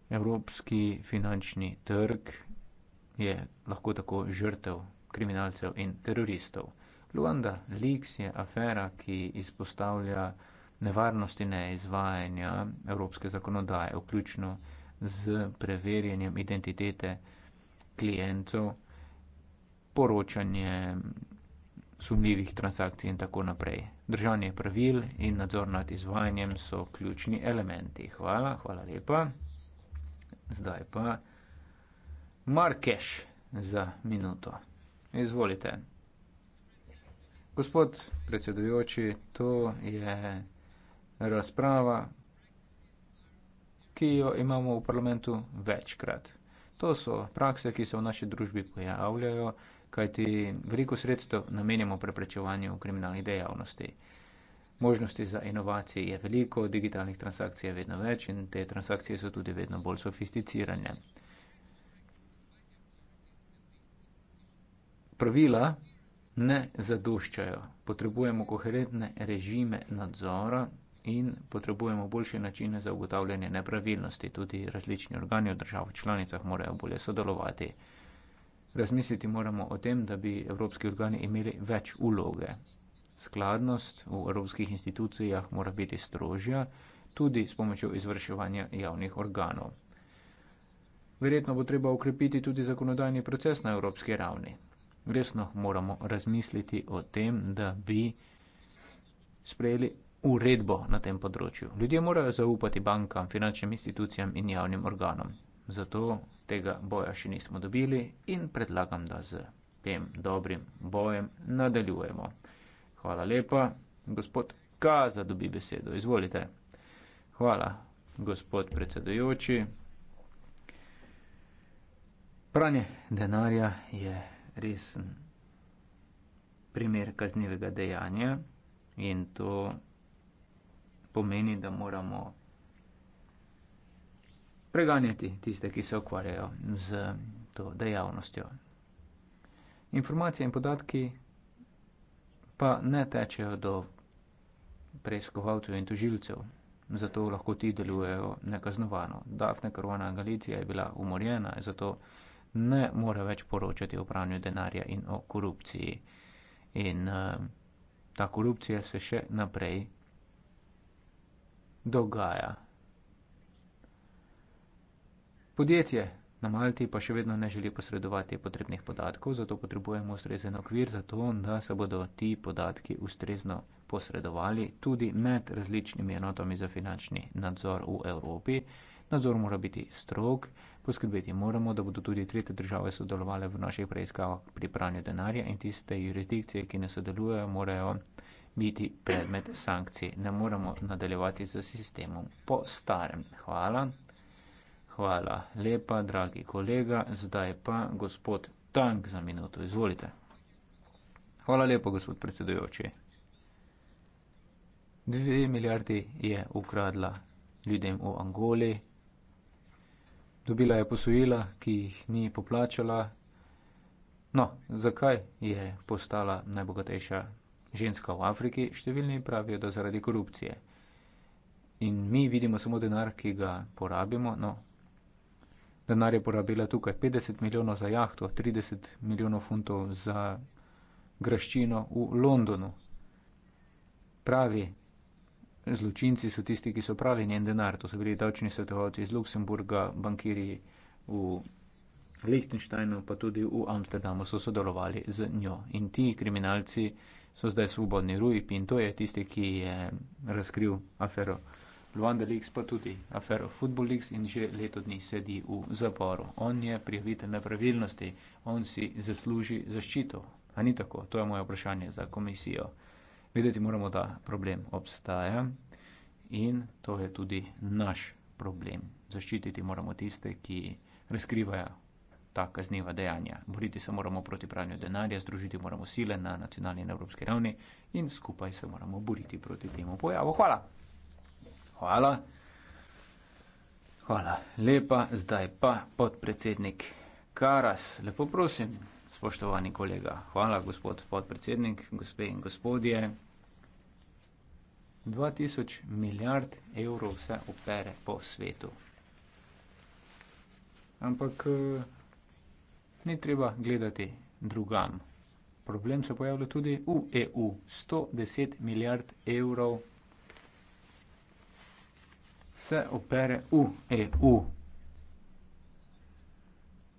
Evropski finančni trg je lahko tako žrtev kriminalcev in teroristov. Luanda Leaks je afera, ki izpostavlja nevarnosti neizvajanja evropske zakonodaje, vključno z preverjanjem identitete klientov, poročanje sumljivih transakcij in tako naprej. Držanje pravil in nadzor nad izvajanjem so ključni elementi. Hvala, hvala lepa. Zdaj pa Markeš za minuto. Izvolite. Gospod predsedujoči, to je razprava, ki jo imamo v parlamentu večkrat. To so prakse, ki se v naši družbi pojavljajo, kajti veliko sredstev namenjamo preprečevanju kriminalnih dejavnosti. Možnosti za inovacije je veliko, digitalnih transakcij je vedno več in te transakcije so tudi vedno bolj sofisticirane. Pravila ne zadoščajo. Potrebujemo koherentne režime nadzora, in potrebujemo boljše načine za ugotavljanje nepravilnosti. Tudi različni organi v državah članicah morajo bolje sodelovati. Razmisliti moramo o tem, da bi evropski organi imeli več uloge. Skladnost v evropskih institucijah mora biti strožja, tudi s pomočjo izvrševanja javnih organov. Verjetno bo treba ukrepiti tudi zakonodajni proces na evropski ravni. Resno moramo razmisliti o tem, da bi sprejeli uredbo na tem področju. Ljudje morajo zaupati bankam, finančnim institucijam in javnim organom. Zato tega boja še nismo dobili in predlagam, da z tem dobrim bojem nadaljujemo. Hvala lepa, gospod Kaza dobi besedo. Izvolite. Hvala, gospod predsedujoči. Pranje denarja je resen primer kaznivega dejanja in to pomeni, da moramo preganjati tiste, ki se ukvarjajo z to dejavnostjo. Informacije in podatki pa ne tečejo do preiskovalcev in tožilcev, zato lahko ti delujejo nekaznovano. Dafne Karuana Galicija je bila umorjena, zato ne more več poročati o pranju denarja in o korupciji. In uh, ta korupcija se še naprej dogaja. Podjetje na Malti pa še vedno ne želi posredovati potrebnih podatkov, zato potrebujemo ustrezen okvir za to, da se bodo ti podatki ustrezno posredovali tudi med različnimi enotami za finančni nadzor v Evropi. Nadzor mora biti strok, poskrbeti moramo, da bodo tudi tretje države sodelovali v naših preiskavah pri pranju denarja in tiste jurisdikcije, ki ne sodelujejo, morajo biti predmet sankcij. Ne moremo nadaljevati z sistemom po starem. Hvala. Hvala lepa, dragi kolega. Zdaj pa gospod Tank za minuto. Izvolite. Hvala lepa, gospod predsedujoči. Dve milijardi je ukradla ljudem v Angoli. Dobila je posojila, ki jih ni poplačala. No, zakaj je postala najbogatejša ženska v Afriki, številni pravijo, da zaradi korupcije. In mi vidimo samo denar, ki ga porabimo. No, denar je porabila tukaj 50 milijonov za jahto, 30 milijonov funtov za graščino v Londonu. Pravi zločinci so tisti, ki so pravi njen denar. To so bili davčni svetovalci iz Luksemburga, bankiri v Liechtensteinu, pa tudi v Amsterdamu so sodelovali z njo. In ti kriminalci so zdaj svobodni Rui Pinto je tisti, ki je razkril afero Luanda Leaks, pa tudi afero Football Leaks in že leto dni sedi v zaporu. On je prijavitelj nepravilnosti, on si zasluži zaščito. A ni tako? To je moje vprašanje za komisijo. Vedeti moramo, da problem obstaja in to je tudi naš problem. Zaščititi moramo tiste, ki razkrivajo ta kazneva dejanja. Boriti se moramo proti pranju denarja, združiti moramo sile na nacionalni in evropski ravni in skupaj se moramo boriti proti temu pojavu. Hvala. Hvala. Hvala lepa. Zdaj pa podpredsednik Karas. Lepo prosim, spoštovani kolega. Hvala, gospod podpredsednik, gospe in gospodje. 2000 milijard evrov se opere po svetu. Ampak eh, ni treba gledati drugam. Problem se pojavlja tudi v EU. 110 milijard evrov se opere v EU.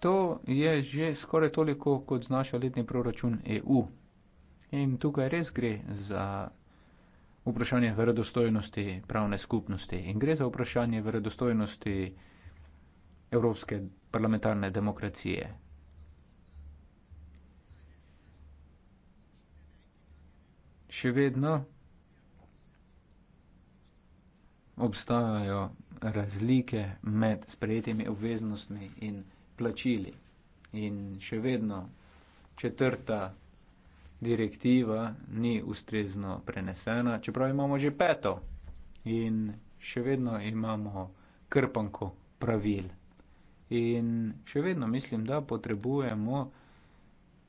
To je že skoraj toliko, kot znaša letni proračun EU. In tukaj res gre za vprašanje verodostojnosti pravne skupnosti in gre za vprašanje verodostojnosti evropske parlamentarne demokracije. še vedno obstajajo razlike med sprejetimi obveznostmi in plačili. In še vedno četrta direktiva ni ustrezno prenesena, čeprav imamo že peto in še vedno imamo krpanko pravil. In še vedno mislim, da potrebujemo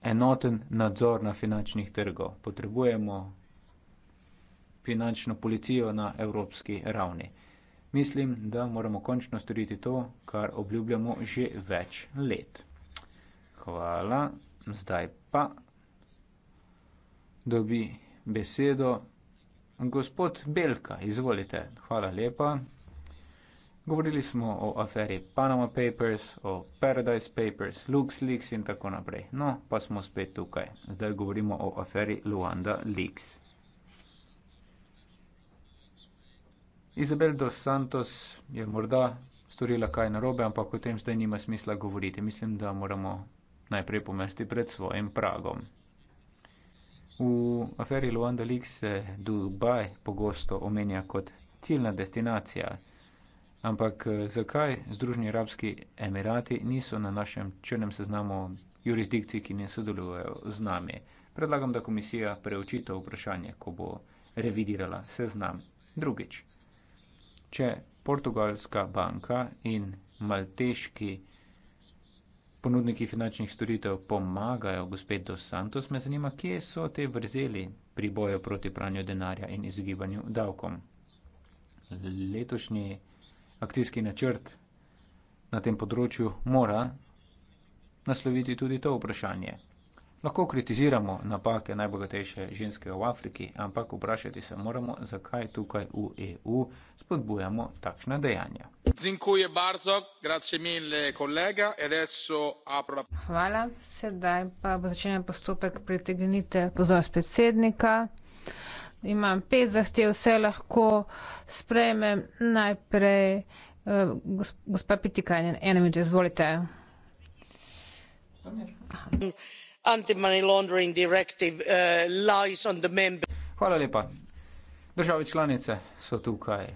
enoten nadzor na finančnih trgov. Potrebujemo finančno policijo na evropski ravni. Mislim, da moramo končno storiti to, kar obljubljamo že več let. Hvala. Zdaj pa dobi besedo gospod Belka. Izvolite. Hvala lepa. Govorili smo o aferi Panama Papers, o Paradise Papers, LuxLeaks in tako naprej. No, pa smo spet tukaj. Zdaj govorimo o aferi Luanda Leaks. Izabel dos Santos je morda storila kaj narobe, ampak o tem zdaj nima smisla govoriti. Mislim, da moramo najprej pomesti pred svojim pragom. V aferi Luanda Lig se Dubaj pogosto omenja kot ciljna destinacija, ampak eh, zakaj Združeni arabski emirati niso na našem črnem seznamu jurisdikcij, ki ne sodelujejo z nami? Predlagam, da komisija preuči to vprašanje, ko bo revidirala seznam drugič če portugalska banka in malteški ponudniki finančnih storitev pomagajo gospodu Santos, me zanima, kje so te vrzeli pri boju proti pranju denarja in izogibanju davkom. Letošnji akcijski načrt na tem področju mora nasloviti tudi to vprašanje. Lahko kritiziramo napake najbogatejše ženske v Afriki, ampak vprašati se moramo, zakaj tukaj v EU spodbujamo takšna dejanja. Hvala, sedaj pa začenjam postopek pritegnite pozornost predsednika. Imam pet zahtev, vse lahko sprejmem. Najprej eh, gospa Pitikanjen, eno minuto, izvolite. Aha. Uh, Hvala lepa. Države članice so tukaj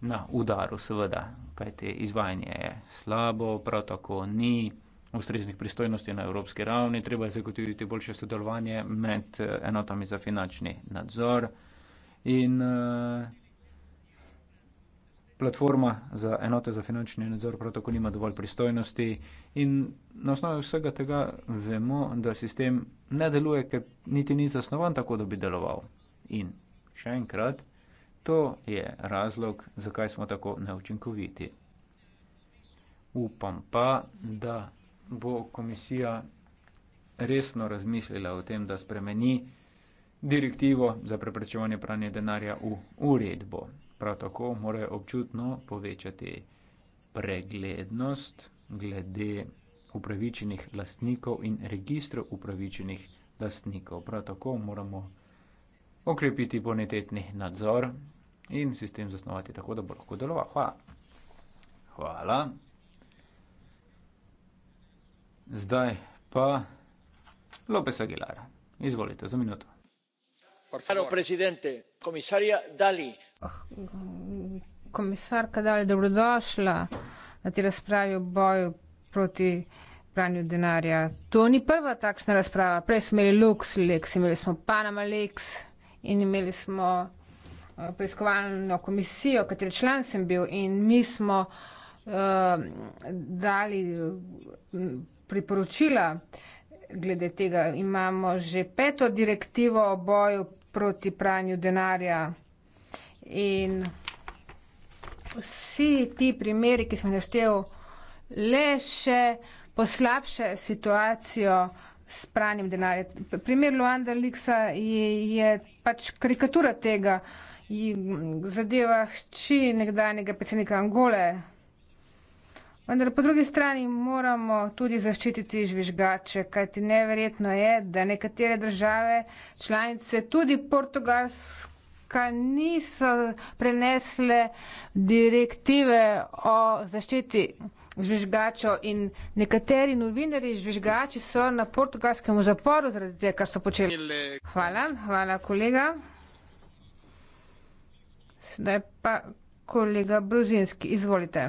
na udaru seveda, kajti izvajanje je slabo, prav tako ni ustreznih pristojnosti na evropski ravni, treba je zagotoviti boljše sodelovanje med eh, enotami za finančni nadzor in uh, platforma za enote za finančni nadzor prav tako nima dovolj pristojnosti in na osnovi vsega tega vemo, da sistem ne deluje, ker niti ni zasnovan tako, da bi deloval. In še enkrat, to je razlog, zakaj smo tako neučinkoviti. Upam pa, da bo komisija resno razmislila o tem, da spremeni direktivo za preprečevanje pranja denarja v uredbo prav tako morajo občutno povečati preglednost glede upravičenih lastnikov in registrov upravičenih lastnikov prav tako moramo okrepiti bonitetni nadzor in sistem zasnovati tako, da bo lahko deloval. Hvala. Hvala. Zdaj pa Lopes Aguilar. Izvolite za minuto gospod predsednik komisarka dalli ah. komisarka dalli dobrodošla na tej razpravi o boju proti pranju denarja. to ni prva takšna razprava prej smo imeli luxleaks imeli smo panama leaks in imeli smo eh, preiskovalno komisijo katere član sem bil in mi smo uh, dali priporočila uh, glede tega. Imamo že peto direktivo o boju proti pranju denarja in vsi ti primeri, ki sem naštel, le še poslabšajo situacijo s pranjem denarja. Primer Luanda Liksa je, je pač karikatura tega. Zadeva hči nekdanjega predsednika Angole, Vendar po drugi strani moramo tudi zaščititi žvižgače, kajti neverjetno je, da nekatere države članice, tudi Portugalska, niso prenesle direktive o zaščiti žvižgačo in nekateri novinari žvižgači so na portugalskem zaporu zaradi tega, kar so počeli. Hvala, hvala kolega. Sedaj pa kolega Bruzinski, izvolite.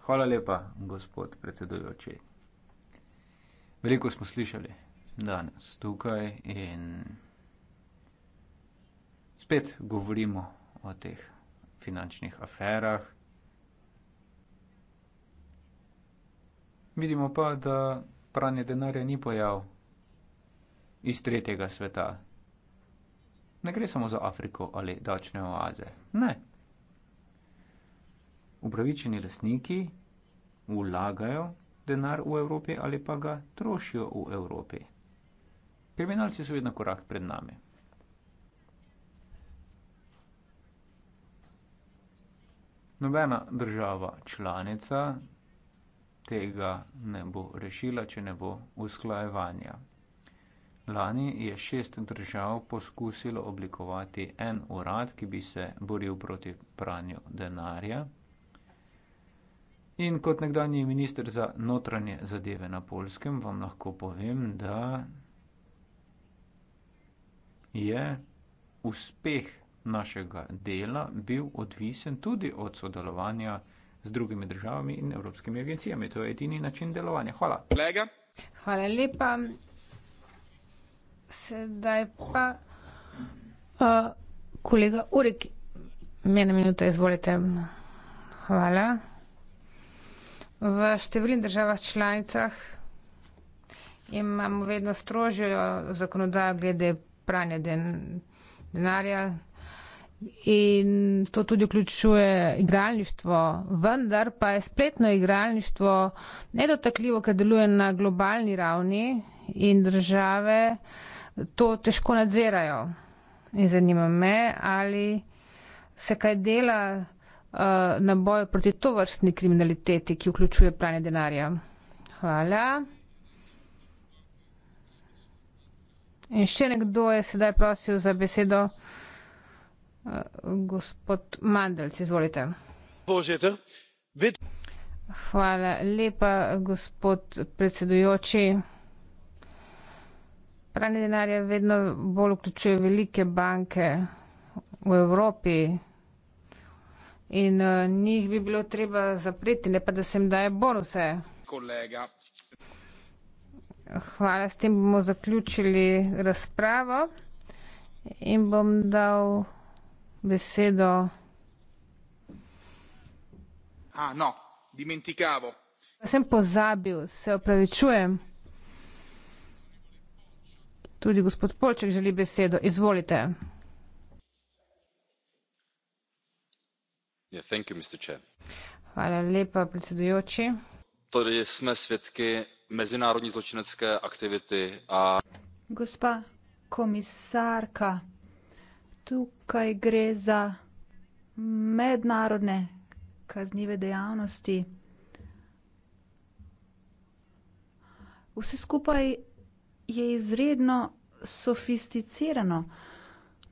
Hvala lepa, gospod predsedujoči. Veliko smo slišali danes tukaj in spet govorimo o teh finančnih aferah. Vidimo pa, da pranje denarja ni pojav iz tretjega sveta. Ne gre samo za Afriko ali davčne oaze. Ne upravičeni lastniki vlagajo denar v Evropi ali pa ga trošijo v Evropi. Kriminalci so vedno korak pred nami. Nobena država članica tega ne bo rešila, če ne bo usklajevanja. Lani je šest držav poskusilo oblikovati en urad, ki bi se boril proti pranju denarja. In kot nekdanji minister za notranje zadeve na polskem, vam lahko povem, da je uspeh našega dela bil odvisen tudi od sodelovanja z drugimi državami in evropskimi agencijami. To je edini način delovanja. Hvala. Lega. Hvala lepa. Sedaj pa uh, kolega Urik. Mene minuto, izvolite. Hvala. V številnih državah članicah imamo vedno strožjo zakonodajo glede pranja den denarja in to tudi vključuje igralništvo, vendar pa je spletno igralništvo nedotakljivo, ker deluje na globalni ravni in države to težko nadzirajo. In zanima me, ali se kaj dela Eh, na boju proti to vrstni kriminaliteti, ki vključuje pranje denarja. Hvala. In še nekdo je sedaj prosil za besedo. Eh, gospod Mandelc, izvolite. Hvala lepa, gospod predsedujoči. Pranje denarja vedno bolj vključuje velike banke v Evropi in uh, njih bi bilo treba zapreti, ne pa da se jim daje bonuse. Kolega. Hvala, s tem bomo zaključili razpravo in bom dal besedo. A, ah, no, dimentikavo. Sem pozabil, se opravičujem. Tudi gospod Polček želi besedo. Izvolite. tady jsme svědky mezinárodní zločinecké aktivity a. gospa komisarka tukaj gre za mednarodne kaznive dejavnosti. Vse skupaj je izredno sofisticirano.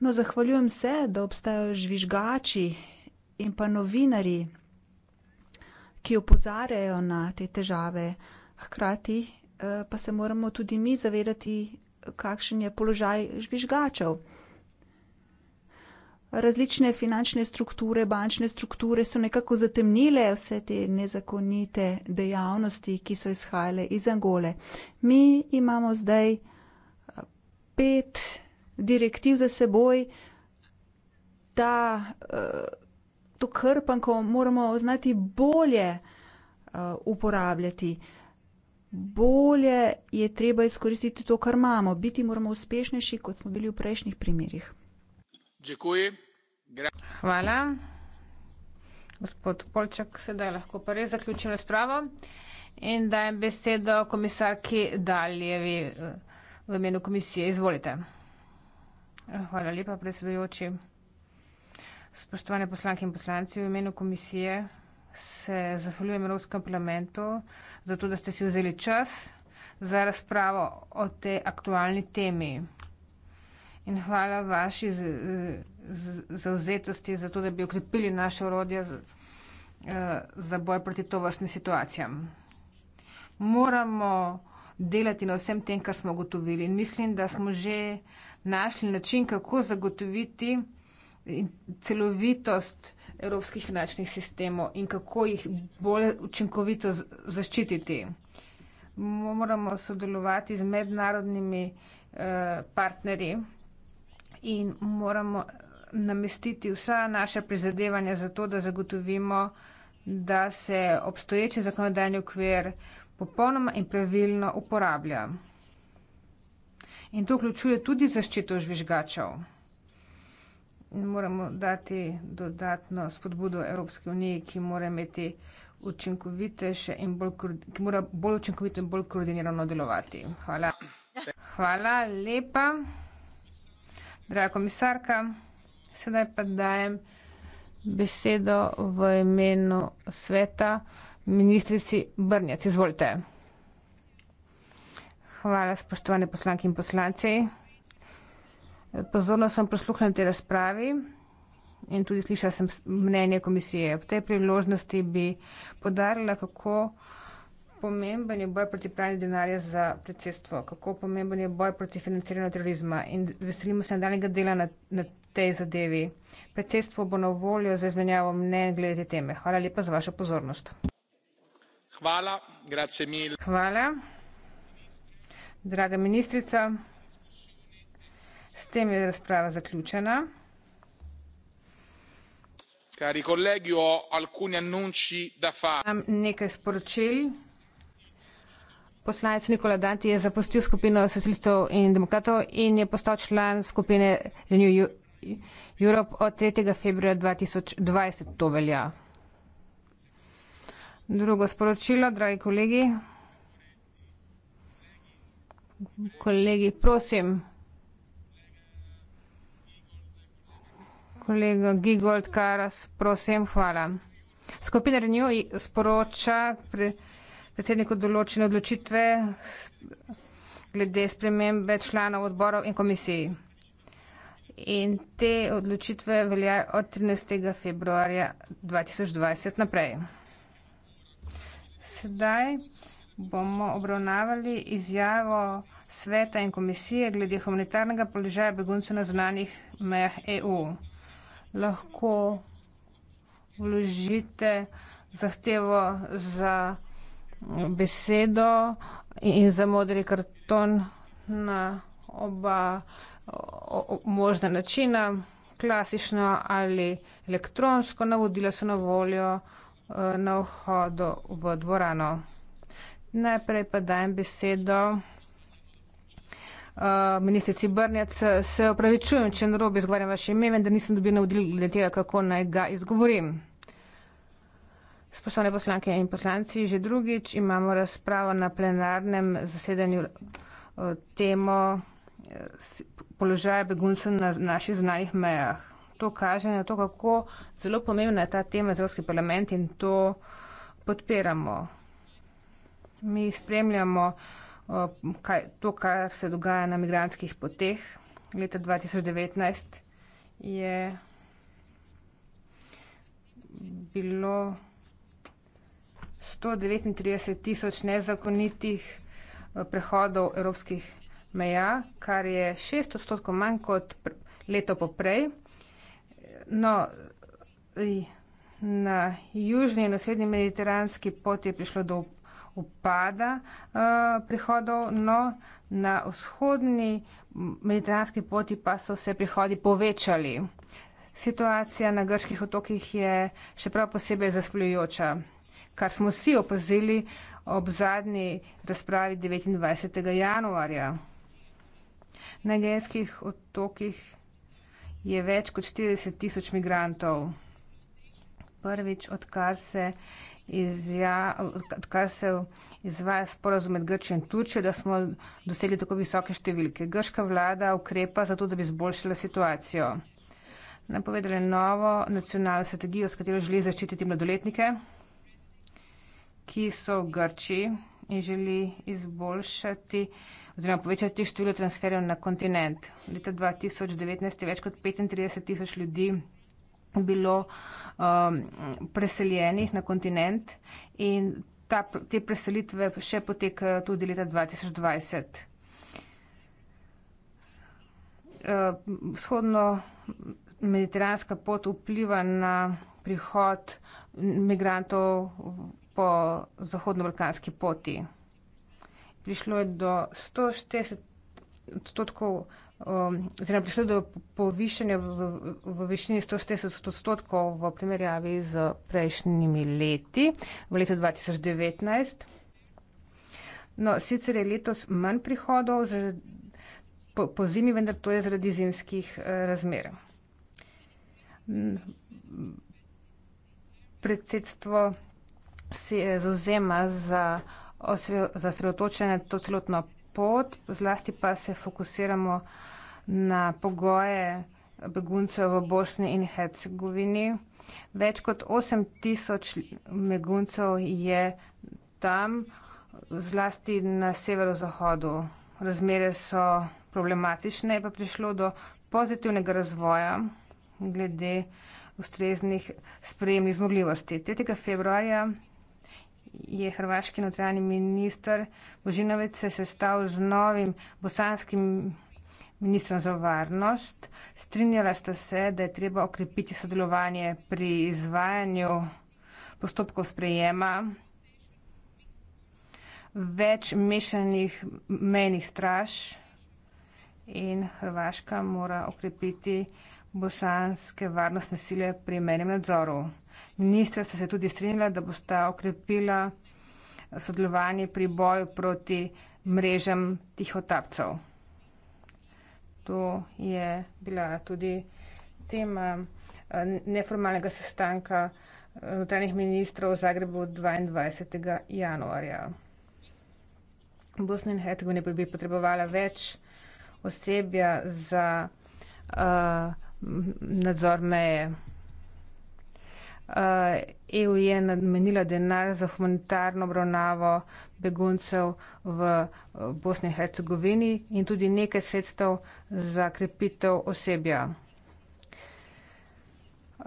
No, zahvaljujem se, da obstajajo žvižgači, in pa novinarji, ki opozarjajo na te težave, hkrati eh, pa se moramo tudi mi zavedati, kakšen je položaj žvižgačev. Različne finančne strukture, bančne strukture so nekako zatemnile vse te nezakonite dejavnosti, ki so izhajale iz Angole. Mi imamo zdaj eh, pet direktiv za seboj, da uh, eh, to krpanko moramo znati bolje uh, uporabljati. Bolje je treba izkoristiti to, kar imamo. Biti moramo uspešnejši, kot smo bili v prejšnjih primerjih. Hvala. Gospod Polčak, sedaj lahko pa res zaključim razpravo in dajem besedo komisarki Daljevi eh, v imenu komisije. Izvolite. Hvala lepa, predsedujoči. Spoštovane poslanke in poslanci, v imenu komisije se zahvaljujem Evropskem parlamentu za to, da ste si vzeli čas za razpravo o tej aktualni temi. In hvala vaši zauzetosti za to, da bi okrepili naše orodje eh, za boj proti tovrstnim situacijam. Moramo delati na vsem tem, kar smo ugotovili. In mislim, da smo že našli način, kako zagotoviti in celovitost evropskih finančnih sistemov in kako jih bolj učinkovito zaščititi. Moramo sodelovati z mednarodnimi eh, partnerji in moramo eh, namestiti vsa naša prizadevanja za to, da zagotovimo, da se obstoječi zakonodajni okvir popolnoma in pravilno uporablja. In to vključuje tudi zaščito žvižgačev moramo dati dodatno spodbudo Evropske unije, ki mora imeti učinkovitejše in bolj, ki mora bolj učinkovito in bolj koordinirano delovati. Hvala. Hvala lepa, draga komisarka. Sedaj pa dajem besedo v imenu sveta ministrici Brnjac. Izvolite. Hvala, spoštovane poslanke in poslanci. Pozorno sem prisluhnil te razpravi in tudi slišal sem mnenje komisije. Ob tej priložnosti bi podarila, kako pomemben je boj proti pranju denarja za predsedstvo, kako pomemben je boj proti financiranju terorizma in veselimo se nadaljnega dela na, na tej zadevi. Predsedstvo bo na voljo za izmenjavo mnen glede te teme. Hvala lepa za vašo pozornost. Hvala, grazie mille. Hvala. Draga ministrica. S tem je razprava zaključena. Cari colleghi, ho alcuni annunci da fare. Imam nekaj sporočil. Poslanec Nikola Danti je zapustil skupino socialistov in demokratov in je postal član skupine Renew Europe od 3. februarja 2020. To velja. Drugo sporočilo, dragi kolegi. Kolegi, prosim. kolega Gigold Karas, prosim, hvala. Skupina Renew sporoča pre, predsedniku določene odločitve glede spremembe članov odborov in komisij. In te odločitve veljajo od 13. februarja 2020 naprej. Sedaj bomo obravnavali izjavo sveta in komisije glede humanitarnega položaja beguncev na zunanjih mejah EU lahko vložite zahtevo za besedo in za modri karton na oba možna načina, klasično ali elektronsko. Navodila so na voljo e, na vhodu v dvorano. Najprej pa dajem besedo Eh, ministrici Brnjac, eh, se opravičujem, če narobi izgovarjam vaše ime, vendar nisem dobil navodil glede tega, kako naj ga izgovorim. Spoštovane poslanke in poslanci, že drugič imamo razpravo na plenarnem zasedanju eh, temo položaja beguncev na naših znanih mejah. To kaže na to, kako zelo pomembna je ta tema za Evropski parlament in to podpiramo. Mi spremljamo uh, kaj, to, kar se dogaja na migranskih poteh. Leta 2019 je bilo 139 tisoč nezakonitih prehodov evropskih meja, kar je 6 odstotkov manj kot leto poprej. No, na južni in na srednji mediteranski poti je prišlo do upada uh, prihodov, no na vzhodni mediteranski poti pa so se prihodi povečali. Situacija na grških otokih je še prav posebej zaskrbljujoča, kar smo vsi opazili ob zadnji razpravi 29. januarja. Na genskih otokih je več kot 40 tisoč migrantov. Prvič, odkar se odkar se izvaja sporozum med Grčijo in Turčijo, da smo dosegli tako visoke številke. Grška vlada ukrepa zato, da bi zboljšala situacijo. Napovedali novo nacionalno strategijo, s katero želi zaščititi mladoletnike, ki so v Grčiji in želi izboljšati oziroma povečati število transferjev na kontinent. Leta 2019 je več kot 35 tisoč ljudi bilo um, preseljenih na kontinent in ta, te preselitve še potekajo tudi leta 2020. Uh, vzhodno mediteranska pot vpliva na prihod migrantov po zahodno-balkanski poti. Prišlo je do 160 odstotkov Um, oziroma prišlo do povišanja v, v, v višini 140 odstotkov v primerjavi z prejšnjimi leti v letu 2019. No, sicer je letos manj prihodov po, po zimi, vendar to je zaradi zimskih eh, razmer. Predsedstvo se eh, zauzema za osredotočenje to celotno pot, zlasti pa se fokusiramo na pogoje beguncev v Bosni in Hercegovini. Več kot 8000 beguncev je tam, zlasti na severozahodu. Razmere so problematične, pa prišlo do pozitivnega razvoja glede ustreznih sprejemnih zmogljivosti. 3. februarja je hrvaški notranji minister Božinovec se sestal z novim bosanskim ministrom za varnost. Strinjala sta se, da je treba okrepiti sodelovanje pri izvajanju postopkov sprejema več mešanih mejnih straž in Hrvaška mora okrepiti bosanske varnostne sile pri mejnem nadzoru. Ministra sta se tudi strinjala, da bosta okrepila sodelovanje pri boju proti mrežam tihotapcev. To je bila tudi tema eh, neformalnega sestanka eh, notranjih ministrov v Zagrebu 22. januarja. Bosna in Hercegovina bi potrebovala več osebja za uh, nadzor meje. EU eh, e je namenila denar za humanitarno obravnavo beguncev v eh, Bosni in Hercegovini in tudi nekaj sredstev za krepitev osebja.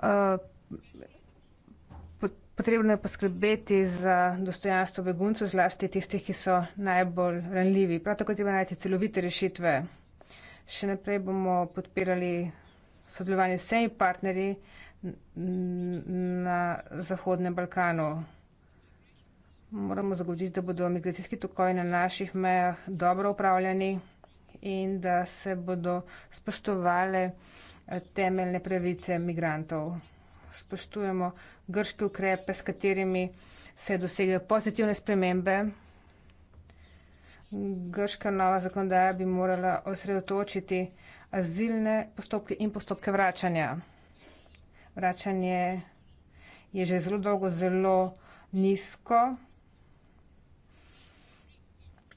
Eh, potrebno je poskrbeti za dostojanstvo beguncev, zlasti tistih, ki so najbolj ranljivi. Prav tako je treba najti celovite rešitve. Še naprej bomo podpirali sodelovanje z vsemi partnerji, na Zahodnem Balkanu. Moramo zagotoviti, da bodo migracijski tokovi na naših mejah dobro upravljeni in da se bodo spoštovale eh, temeljne pravice migrantov. Spoštujemo grške ukrepe, s katerimi se dosegajo pozitivne spremembe. Grška nova zakonodaja bi morala osredotočiti azilne postopke in postopke vračanja vračanje je že zelo dolgo zelo nizko.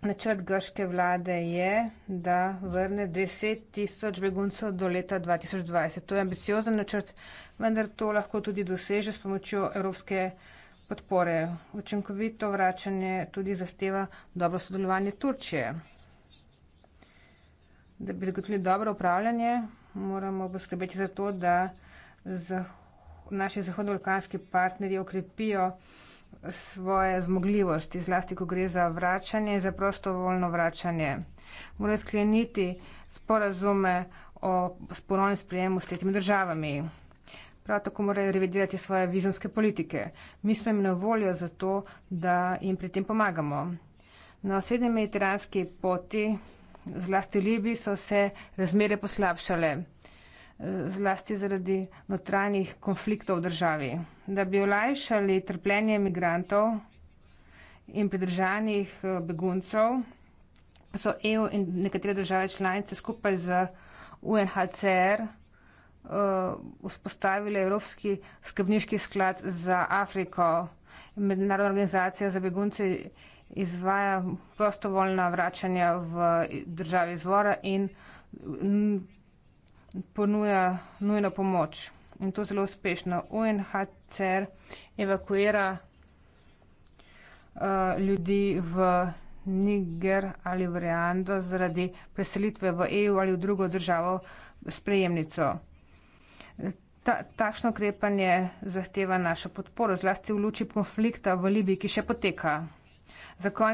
Načrt grške vlade je, da vrne 10 tisoč beguncev do leta 2020. To je ambiciozen načrt, vendar to lahko tudi doseže s pomočjo evropske podpore. Učinkovito vračanje tudi zahteva dobro sodelovanje Turčije. Da bi zagotovili dobro upravljanje, moramo poskrbeti za to, da naši zahodno-balkanski partnerji okrepijo svoje zmogljivosti, zlasti, ko gre za vračanje, za prostovoljno vračanje. Morajo skleniti sporazume o sporovnem sprejemu s tretjimi državami. Prav tako morajo revidirati svoje vizumske politike. Mi smo jim na voljo za to, da jim pri tem pomagamo. Na osrednjem mediteranski poti, zlasti v Libiji, so se razmere poslabšale zlasti zaradi notranjih konfliktov v državi. Da bi olajšali trpljenje imigrantov in pridržanih eh, beguncev, so EU in nekatere države članice skupaj z UNHCR eh, vzpostavili Evropski skrbniški sklad za Afriko. Mednarodna organizacija za begunce izvaja prostovoljna vračanja v državi izvora in mm, ponuja nujno pomoč in to zelo uspešno. UNHCR evakuira uh, ljudi v Niger ali v Reando zaradi preselitve v EU ali v drugo državo sprejemnico. Ta, takšno ukrepanje zahteva našo podporo, zlasti v luči konflikta v Libiji, ki še poteka. Za konj